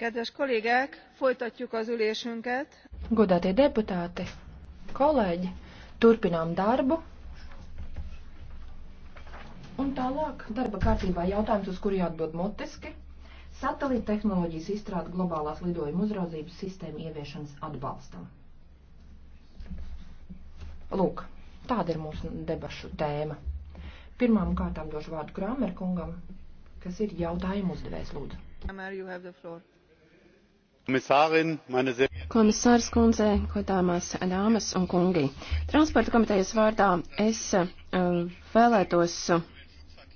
Kedves kollégák, folytatjuk az ülésünket. Godātie deputāti, kolēģi, turpinām darbu. Un tālāk darba kārtībā jautājums, uz kuru jāatbild mutiski. Satelīta tehnoloģijas izstrāda globālās lidojuma uzraudzības sistēma ieviešanas atbalstam. Lūk, tāda ir mūsu debašu tēma. Pirmām kārtām došu vārdu Krāmerkungam, kas ir jautājumu uzdevējs lūdzu. Kramer, you have the floor. Komisārin, meine sehr... Komisārs kundze, godāmās dāmas un kungi. Transporta komitejas vārdā es uh, vēlētos